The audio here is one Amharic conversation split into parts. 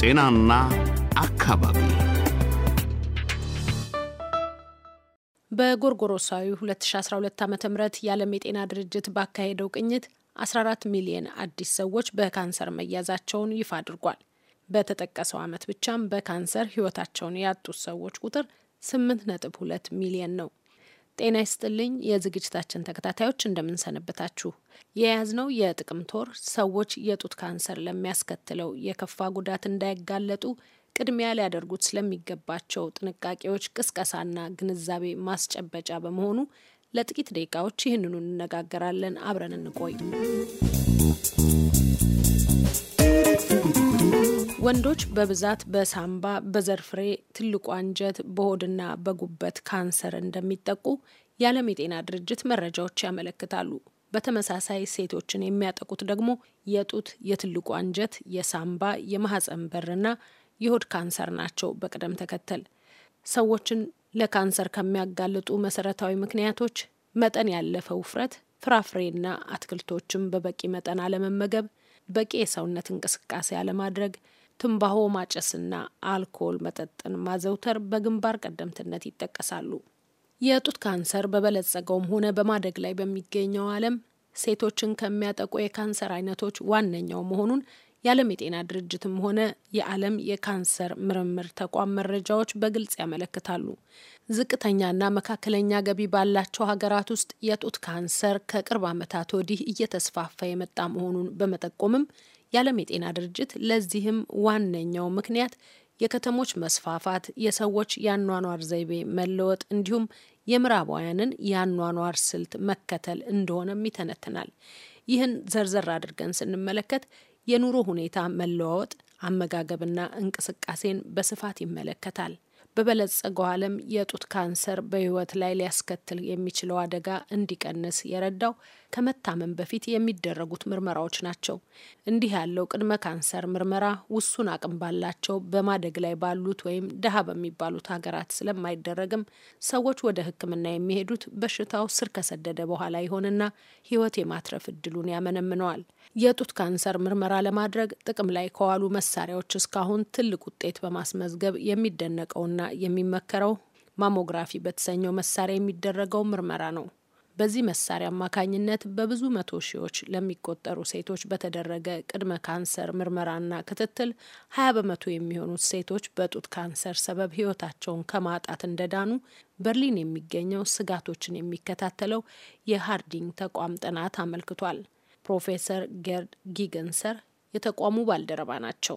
ጤናና አካባቢ በጎርጎሮሳዊ 2012 ዓ ም የዓለም የጤና ድርጅት ባካሄደው ቅኝት 14 ሚሊየን አዲስ ሰዎች በካንሰር መያዛቸውን ይፋ አድርጓል። በተጠቀሰው ዓመት ብቻም በካንሰር ሕይወታቸውን ያጡት ሰዎች ቁጥር 8.2 ሚሊየን ነው። ጤና ይስጥልኝ የዝግጅታችን ተከታታዮች እንደምንሰንበታችሁ። የያዝነው የጥቅምት ወር ሰዎች የጡት ካንሰር ለሚያስከትለው የከፋ ጉዳት እንዳይጋለጡ ቅድሚያ ሊያደርጉት ስለሚገባቸው ጥንቃቄዎች ቅስቀሳና ግንዛቤ ማስጨበጫ በመሆኑ ለጥቂት ደቂቃዎች ይህንኑ እንነጋገራለን። አብረን እንቆይ። ወንዶች በብዛት በሳምባ፣ በዘርፍሬ ትልቁ አንጀት፣ በሆድና በጉበት ካንሰር እንደሚጠቁ የዓለም የጤና ድርጅት መረጃዎች ያመለክታሉ። በተመሳሳይ ሴቶችን የሚያጠቁት ደግሞ የጡት፣ የትልቁ አንጀት፣ የሳምባ፣ የማህፀን በርና የሆድ ካንሰር ናቸው በቅደም ተከተል። ሰዎችን ለካንሰር ከሚያጋልጡ መሰረታዊ ምክንያቶች መጠን ያለፈ ውፍረት፣ ፍራፍሬና አትክልቶችን በበቂ መጠን አለመመገብ፣ በቂ የሰውነት እንቅስቃሴ አለማድረግ ትንባሆ ማጨስና አልኮል መጠጥን ማዘውተር በግንባር ቀደምትነት ይጠቀሳሉ። የጡት ካንሰር በበለጸገውም ሆነ በማደግ ላይ በሚገኘው ዓለም ሴቶችን ከሚያጠቁ የካንሰር አይነቶች ዋነኛው መሆኑን የዓለም የጤና ድርጅትም ሆነ የዓለም የካንሰር ምርምር ተቋም መረጃዎች በግልጽ ያመለክታሉ። ዝቅተኛና መካከለኛ ገቢ ባላቸው ሀገራት ውስጥ የጡት ካንሰር ከቅርብ ዓመታት ወዲህ እየተስፋፋ የመጣ መሆኑን በመጠቆምም የዓለም የጤና ድርጅት ለዚህም ዋነኛው ምክንያት የከተሞች መስፋፋት፣ የሰዎች የአኗኗር ዘይቤ መለወጥ እንዲሁም የምዕራባውያንን የአኗኗር ስልት መከተል እንደሆነም ይተነትናል። ይህን ዘርዘር አድርገን ስንመለከት የኑሮ ሁኔታ መለዋወጥ አመጋገብና እንቅስቃሴን በስፋት ይመለከታል። በበለጸገው ዓለም የጡት ካንሰር በሕይወት ላይ ሊያስከትል የሚችለው አደጋ እንዲቀንስ የረዳው ከመታመም በፊት የሚደረጉት ምርመራዎች ናቸው። እንዲህ ያለው ቅድመ ካንሰር ምርመራ ውሱን አቅም ባላቸው በማደግ ላይ ባሉት ወይም ድሃ በሚባሉት ሀገራት ስለማይደረግም ሰዎች ወደ ሕክምና የሚሄዱት በሽታው ስር ከሰደደ በኋላ ይሆንና ሕይወት የማትረፍ እድሉን ያመነምነዋል። የጡት ካንሰር ምርመራ ለማድረግ ጥቅም ላይ ከዋሉ መሳሪያዎች እስካሁን ትልቅ ውጤት በማስመዝገብ የሚደነቀውና የሚመከረው ማሞግራፊ በተሰኘው መሳሪያ የሚደረገው ምርመራ ነው። በዚህ መሳሪያ አማካኝነት በብዙ መቶ ሺዎች ለሚቆጠሩ ሴቶች በተደረገ ቅድመ ካንሰር ምርመራና ክትትል ሀያ በመቶ የሚሆኑት ሴቶች በጡት ካንሰር ሰበብ ህይወታቸውን ከማጣት እንደዳኑ በርሊን የሚገኘው ስጋቶችን የሚከታተለው የሃርዲንግ ተቋም ጥናት አመልክቷል። ፕሮፌሰር ጌርድ ጊገንሰር የተቋሙ ባልደረባ ናቸው።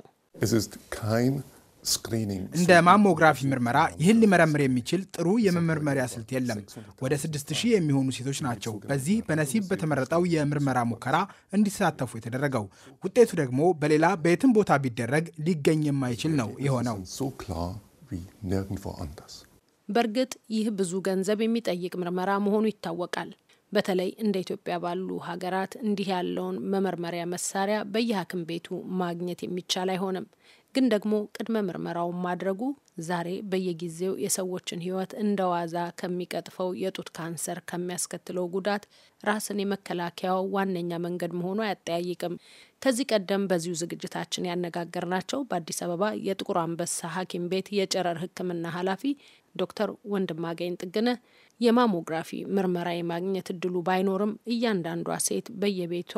እንደ ማሞግራፊ ምርመራ ይህን ሊመረምር የሚችል ጥሩ የመመርመሪያ ስልት የለም። ወደ ስድስት የሚሆኑ ሴቶች ናቸው በዚህ በነሲብ በተመረጠው የምርመራ ሙከራ እንዲሳተፉ የተደረገው። ውጤቱ ደግሞ በሌላ በየትም ቦታ ቢደረግ ሊገኝ የማይችል ነው የሆነው። በእርግጥ ይህ ብዙ ገንዘብ የሚጠይቅ ምርመራ መሆኑ ይታወቃል። በተለይ እንደ ኢትዮጵያ ባሉ ሀገራት እንዲህ ያለውን መመርመሪያ መሳሪያ በየሐኪም ቤቱ ማግኘት የሚቻል አይሆንም። ግን ደግሞ ቅድመ ምርመራውን ማድረጉ ዛሬ በየጊዜው የሰዎችን ሕይወት እንደ ዋዛ ከሚቀጥፈው የጡት ካንሰር ከሚያስከትለው ጉዳት ራስን የመከላከያው ዋነኛ መንገድ መሆኑ አያጠያይቅም። ከዚህ ቀደም በዚሁ ዝግጅታችን ያነጋገርናቸው በአዲስ አበባ የጥቁር አንበሳ ሐኪም ቤት የጨረር ሕክምና ኃላፊ ዶክተር ወንድማገኝ ጥግነ የማሞግራፊ ምርመራ የማግኘት እድሉ ባይኖርም እያንዳንዷ ሴት በየቤቷ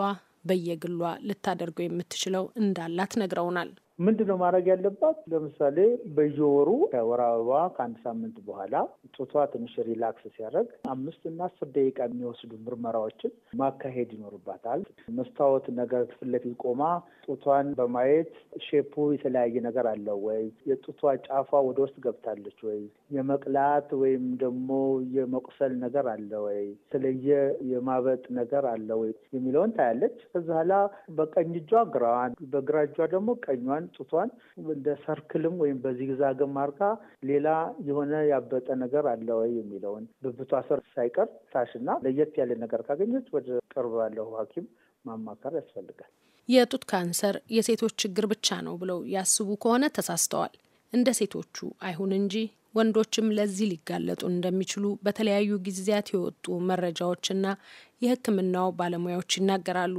በየግሏ ልታደርገው የምትችለው እንዳላት ነግረውናል። ምንድነው ማድረግ ያለባት? ለምሳሌ በየወሩ ከወር አበባዋ ከአንድ ሳምንት በኋላ ጡቷ ትንሽ ሪላክስ ሲያደርግ አምስት እና አስር ደቂቃ የሚወስዱ ምርመራዎችን ማካሄድ ይኖርባታል። መስታወት ነገር ፊት ለፊት ቆማ ጡቷን በማየት ሼፑ የተለያየ ነገር አለው ወይ፣ የጡቷ ጫፏ ወደ ውስጥ ገብታለች ወይ፣ የመቅላት ወይም ደግሞ የመቁሰል ነገር አለ ወይ፣ የተለየ የማበጥ ነገር አለ ወይ የሚለውን ታያለች። ከዛ በኋላ በቀኝ እጇ ግራዋን፣ በግራ እጇ ደግሞ ቀኟን ጡቷን እንደ ሰርክልም ወይም በዚግዛግም አርጋ ሌላ የሆነ ያበጠ ነገር አለ ወይ የሚለውን ብብቷ ስር ሳይቀር ታሽና ለየት ያለ ነገር ካገኘች ወደ ቅርብ ያለው ሐኪም ማማከር ያስፈልጋል። የጡት ካንሰር የሴቶች ችግር ብቻ ነው ብለው ያስቡ ከሆነ ተሳስተዋል። እንደ ሴቶቹ አይሁን እንጂ ወንዶችም ለዚህ ሊጋለጡ እንደሚችሉ በተለያዩ ጊዜያት የወጡ መረጃዎችና የሕክምናው ባለሙያዎች ይናገራሉ።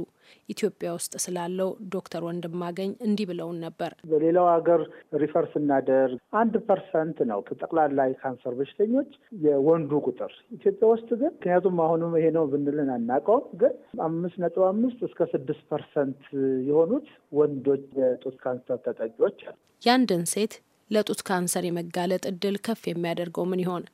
ኢትዮጵያ ውስጥ ስላለው ዶክተር ወንድማገኝ እንዲህ ብለውን ነበር። በሌላው ሀገር ሪፈር ስናደርግ አንድ ፐርሰንት ነው ከጠቅላላ ካንሰር በሽተኞች የወንዱ ቁጥር። ኢትዮጵያ ውስጥ ግን ምክንያቱም አሁንም ይሄ ነው ብንልን አናውቀውም፣ ግን አምስት ነጥብ አምስት እስከ ስድስት ፐርሰንት የሆኑት ወንዶች የጡት ካንሰር ተጠቂዎች። ያንድን ሴት ለጡት ካንሰር የመጋለጥ እድል ከፍ የሚያደርገው ምን ይሆን?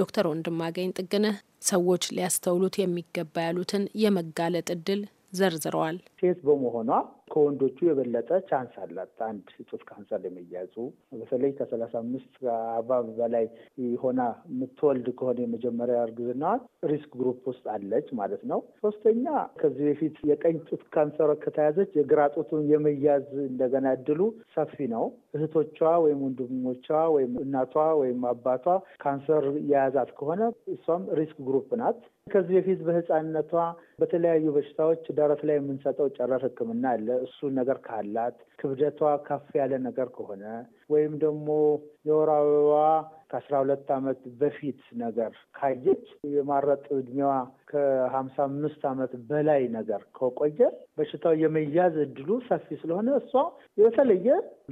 ዶክተር ወንድማገኝ ጥግነህ ሰዎች ሊያስተውሉት የሚገባ ያሉትን የመጋለጥ እድል ዘርዝረዋል። ሴት በመሆኗ ከወንዶቹ የበለጠ ቻንስ አላት አንድ ጡት ካንሰር የመያዙ በተለይ ከሰላሳ አምስት አርባ በላይ ሆና የምትወልድ ከሆነ የመጀመሪያ እርግዝና ሪስክ ግሩፕ ውስጥ አለች ማለት ነው። ሶስተኛ ከዚህ በፊት የቀኝ ጡት ካንሰር ከተያዘች የግራ ጡቱን የመያዝ እንደገና እድሉ ሰፊ ነው። እህቶቿ ወይም ወንድሞቿ ወይም እናቷ ወይም አባቷ ካንሰር የያዛት ከሆነ እሷም ሪስክ ግሩፕ ናት። ከዚህ በፊት በህፃንነቷ በተለያዩ በሽታዎች ደረት ላይ የምንሰጠው ጨረር ሕክምና አለ። እሱ ነገር ካላት ክብደቷ ከፍ ያለ ነገር ከሆነ ወይም ደግሞ የወር አበባዋ ከአስራ ሁለት ዓመት በፊት ነገር ካየች የማረጥ እድሜዋ ከሀምሳ አምስት ዓመት በላይ ነገር ከቆየ በሽታው የመያዝ እድሉ ሰፊ ስለሆነ እሷ የተለየ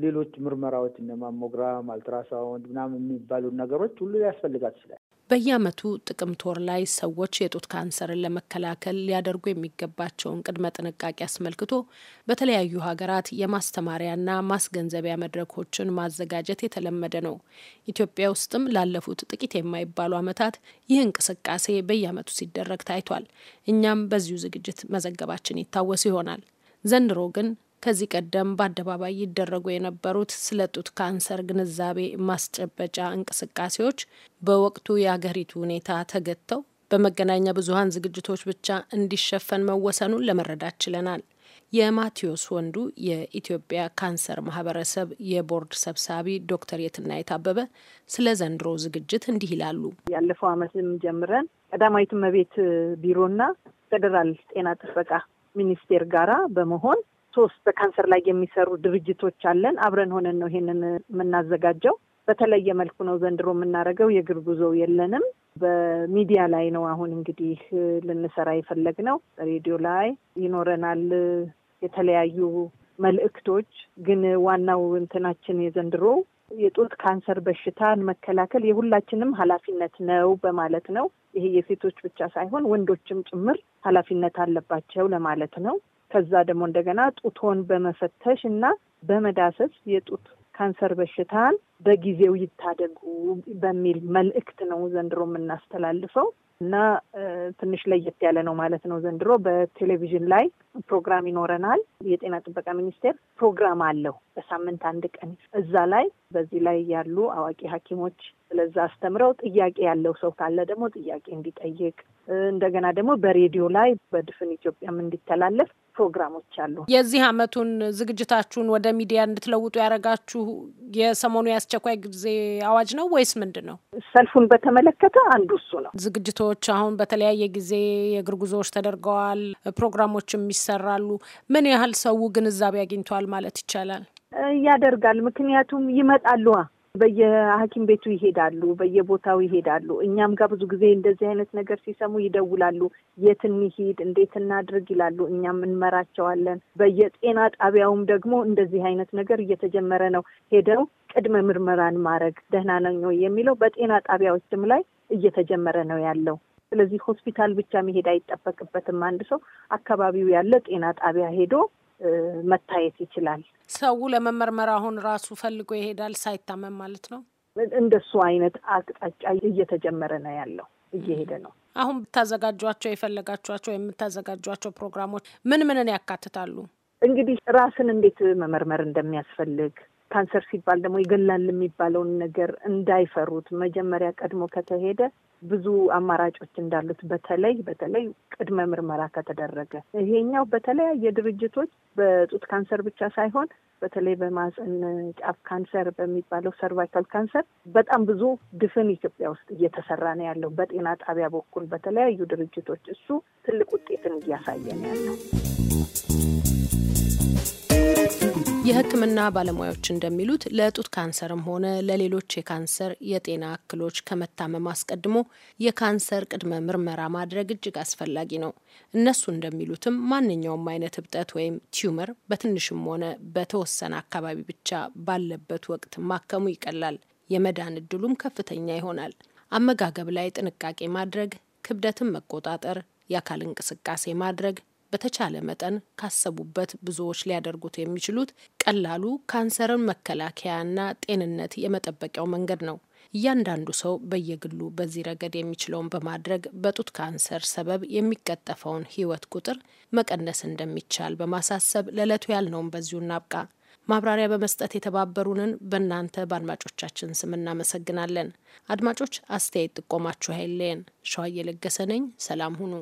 ሌሎች ምርመራዎች እነ ማሞግራም፣ አልትራሳውንድ ምናምን የሚባሉ ነገሮች ሁሉ ያስፈልጋት ይችላል። በየዓመቱ ጥቅምት ወር ላይ ሰዎች የጡት ካንሰርን ለመከላከል ሊያደርጉ የሚገባቸውን ቅድመ ጥንቃቄ አስመልክቶ በተለያዩ ሀገራት የማስተማሪያና ማስገንዘቢያ መድረኮችን ማዘጋጀት የተለመደ ነው። ኢትዮጵያ ውስጥም ላለፉት ጥቂት የማይባሉ ዓመታት ይህ እንቅስቃሴ በየዓመቱ ሲደረግ ታይቷል። እኛም በዚሁ ዝግጅት መዘገባችን ይታወስ ይሆናል። ዘንድሮ ግን ከዚህ ቀደም በአደባባይ ይደረጉ የነበሩት ስለ ጡት ካንሰር ግንዛቤ ማስጨበጫ እንቅስቃሴዎች በወቅቱ የአገሪቱ ሁኔታ ተገተው በመገናኛ ብዙኃን ዝግጅቶች ብቻ እንዲሸፈን መወሰኑን ለመረዳት ችለናል። የማቴዎስ ወንዱ የኢትዮጵያ ካንሰር ማህበረሰብ የቦርድ ሰብሳቢ ዶክተር የትናየት አበበ ስለ ዘንድሮ ዝግጅት እንዲህ ይላሉ። ያለፈው ዓመትም ጀምረን ቀዳማዊት እመቤት ቢሮና ፌዴራል ጤና ጥበቃ ሚኒስቴር ጋራ በመሆን ሶስት በካንሰር ላይ የሚሰሩ ድርጅቶች አለን። አብረን ሆነን ነው ይሄንን የምናዘጋጀው። በተለየ መልኩ ነው ዘንድሮ የምናደርገው። የእግር ጉዞ የለንም። በሚዲያ ላይ ነው አሁን እንግዲህ ልንሰራ የፈለግነው። ሬዲዮ ላይ ይኖረናል የተለያዩ መልእክቶች። ግን ዋናው እንትናችን የዘንድሮ የጡት ካንሰር በሽታን መከላከል የሁላችንም ኃላፊነት ነው በማለት ነው። ይሄ የሴቶች ብቻ ሳይሆን ወንዶችም ጭምር ኃላፊነት አለባቸው ለማለት ነው። ከዛ ደግሞ እንደገና ጡቶን በመፈተሽ እና በመዳሰስ የጡት ካንሰር በሽታን በጊዜው ይታደጉ በሚል መልእክት ነው ዘንድሮ የምናስተላልፈው እና ትንሽ ለየት ያለ ነው ማለት ነው። ዘንድሮ በቴሌቪዥን ላይ ፕሮግራም ይኖረናል። የጤና ጥበቃ ሚኒስቴር ፕሮግራም አለው በሳምንት አንድ ቀን። እዛ ላይ በዚህ ላይ ያሉ አዋቂ ሐኪሞች ስለዛ አስተምረው ጥያቄ ያለው ሰው ካለ ደግሞ ጥያቄ እንዲጠይቅ እንደገና ደግሞ በሬዲዮ ላይ በድፍን ኢትዮጵያም እንዲተላለፍ ፕሮግራሞች አሉ። የዚህ አመቱን ዝግጅታችሁን ወደ ሚዲያ እንድትለውጡ ያደረጋችሁ የሰሞኑ የአስቸኳይ ጊዜ አዋጅ ነው ወይስ ምንድን ነው? ሰልፉን በተመለከተ አንዱ እሱ ነው። ዝግጅቶች አሁን በተለያየ ጊዜ የእግር ጉዞዎች ተደርገዋል፣ ፕሮግራሞችም ይሰራሉ። ምን ያህል ሰው ግንዛቤ አግኝቷል ማለት ይቻላል? ያደርጋል ምክንያቱም ይመጣሉ በየሐኪም ቤቱ ይሄዳሉ፣ በየቦታው ይሄዳሉ። እኛም ጋር ብዙ ጊዜ እንደዚህ አይነት ነገር ሲሰሙ ይደውላሉ። የት እንሂድ፣ እንዴት እናድርግ ይላሉ። እኛም እንመራቸዋለን። በየጤና ጣቢያውም ደግሞ እንደዚህ አይነት ነገር እየተጀመረ ነው። ሄደው ቅድመ ምርመራን ማድረግ ደህና ነው የሚለው በጤና ጣቢያዎችም ላይ እየተጀመረ ነው ያለው። ስለዚህ ሆስፒታል ብቻ መሄድ አይጠበቅበትም። አንድ ሰው አካባቢው ያለ ጤና ጣቢያ ሄዶ መታየት ይችላል። ሰው ለመመርመር አሁን ራሱ ፈልጎ ይሄዳል ሳይታመም ማለት ነው። እንደሱ አይነት አቅጣጫ እየተጀመረ ነው ያለው እየሄደ ነው። አሁን ብታዘጋጇቸው የፈለጋችኋቸው የምታዘጋጇቸው ፕሮግራሞች ምን ምንን ያካትታሉ? እንግዲህ ራስን እንዴት መመርመር እንደሚያስፈልግ ካንሰር ሲባል ደግሞ ይገላል የሚባለውን ነገር እንዳይፈሩት መጀመሪያ ቀድሞ ከተሄደ ብዙ አማራጮች እንዳሉት በተለይ በተለይ ቅድመ ምርመራ ከተደረገ ይሄኛው በተለያየ ድርጅቶች በጡት ካንሰር ብቻ ሳይሆን በተለይ በማህፀን ጫፍ ካንሰር በሚባለው ሰርቫይካል ካንሰር በጣም ብዙ ድፍን ኢትዮጵያ ውስጥ እየተሰራ ነው ያለው በጤና ጣቢያ በኩል በተለያዩ ድርጅቶች። እሱ ትልቅ ውጤትን እያሳየ ነው ያለው። የሕክምና ባለሙያዎች እንደሚሉት ለጡት ካንሰርም ሆነ ለሌሎች የካንሰር የጤና እክሎች ከመታመም አስቀድሞ የካንሰር ቅድመ ምርመራ ማድረግ እጅግ አስፈላጊ ነው። እነሱ እንደሚሉትም ማንኛውም አይነት እብጠት ወይም ቲዩመር በትንሽም ሆነ በተወሰነ አካባቢ ብቻ ባለበት ወቅት ማከሙ ይቀላል፣ የመዳን እድሉም ከፍተኛ ይሆናል። አመጋገብ ላይ ጥንቃቄ ማድረግ፣ ክብደትን መቆጣጠር፣ የአካል እንቅስቃሴ ማድረግ በተቻለ መጠን ካሰቡበት ብዙዎች ሊያደርጉት የሚችሉት ቀላሉ ካንሰርን መከላከያና ጤንነት የመጠበቂያው መንገድ ነው። እያንዳንዱ ሰው በየግሉ በዚህ ረገድ የሚችለውን በማድረግ በጡት ካንሰር ሰበብ የሚቀጠፈውን ሕይወት ቁጥር መቀነስ እንደሚቻል በማሳሰብ ለዕለቱ ያልነውን በዚሁ እናብቃ። ማብራሪያ በመስጠት የተባበሩንን በእናንተ በአድማጮቻችን ስም እናመሰግናለን። አድማጮች አስተያየት ጥቆማችሁ አይለየን። ሸዋዬ ለገሰ ነኝ። ሰላም ሁኑ።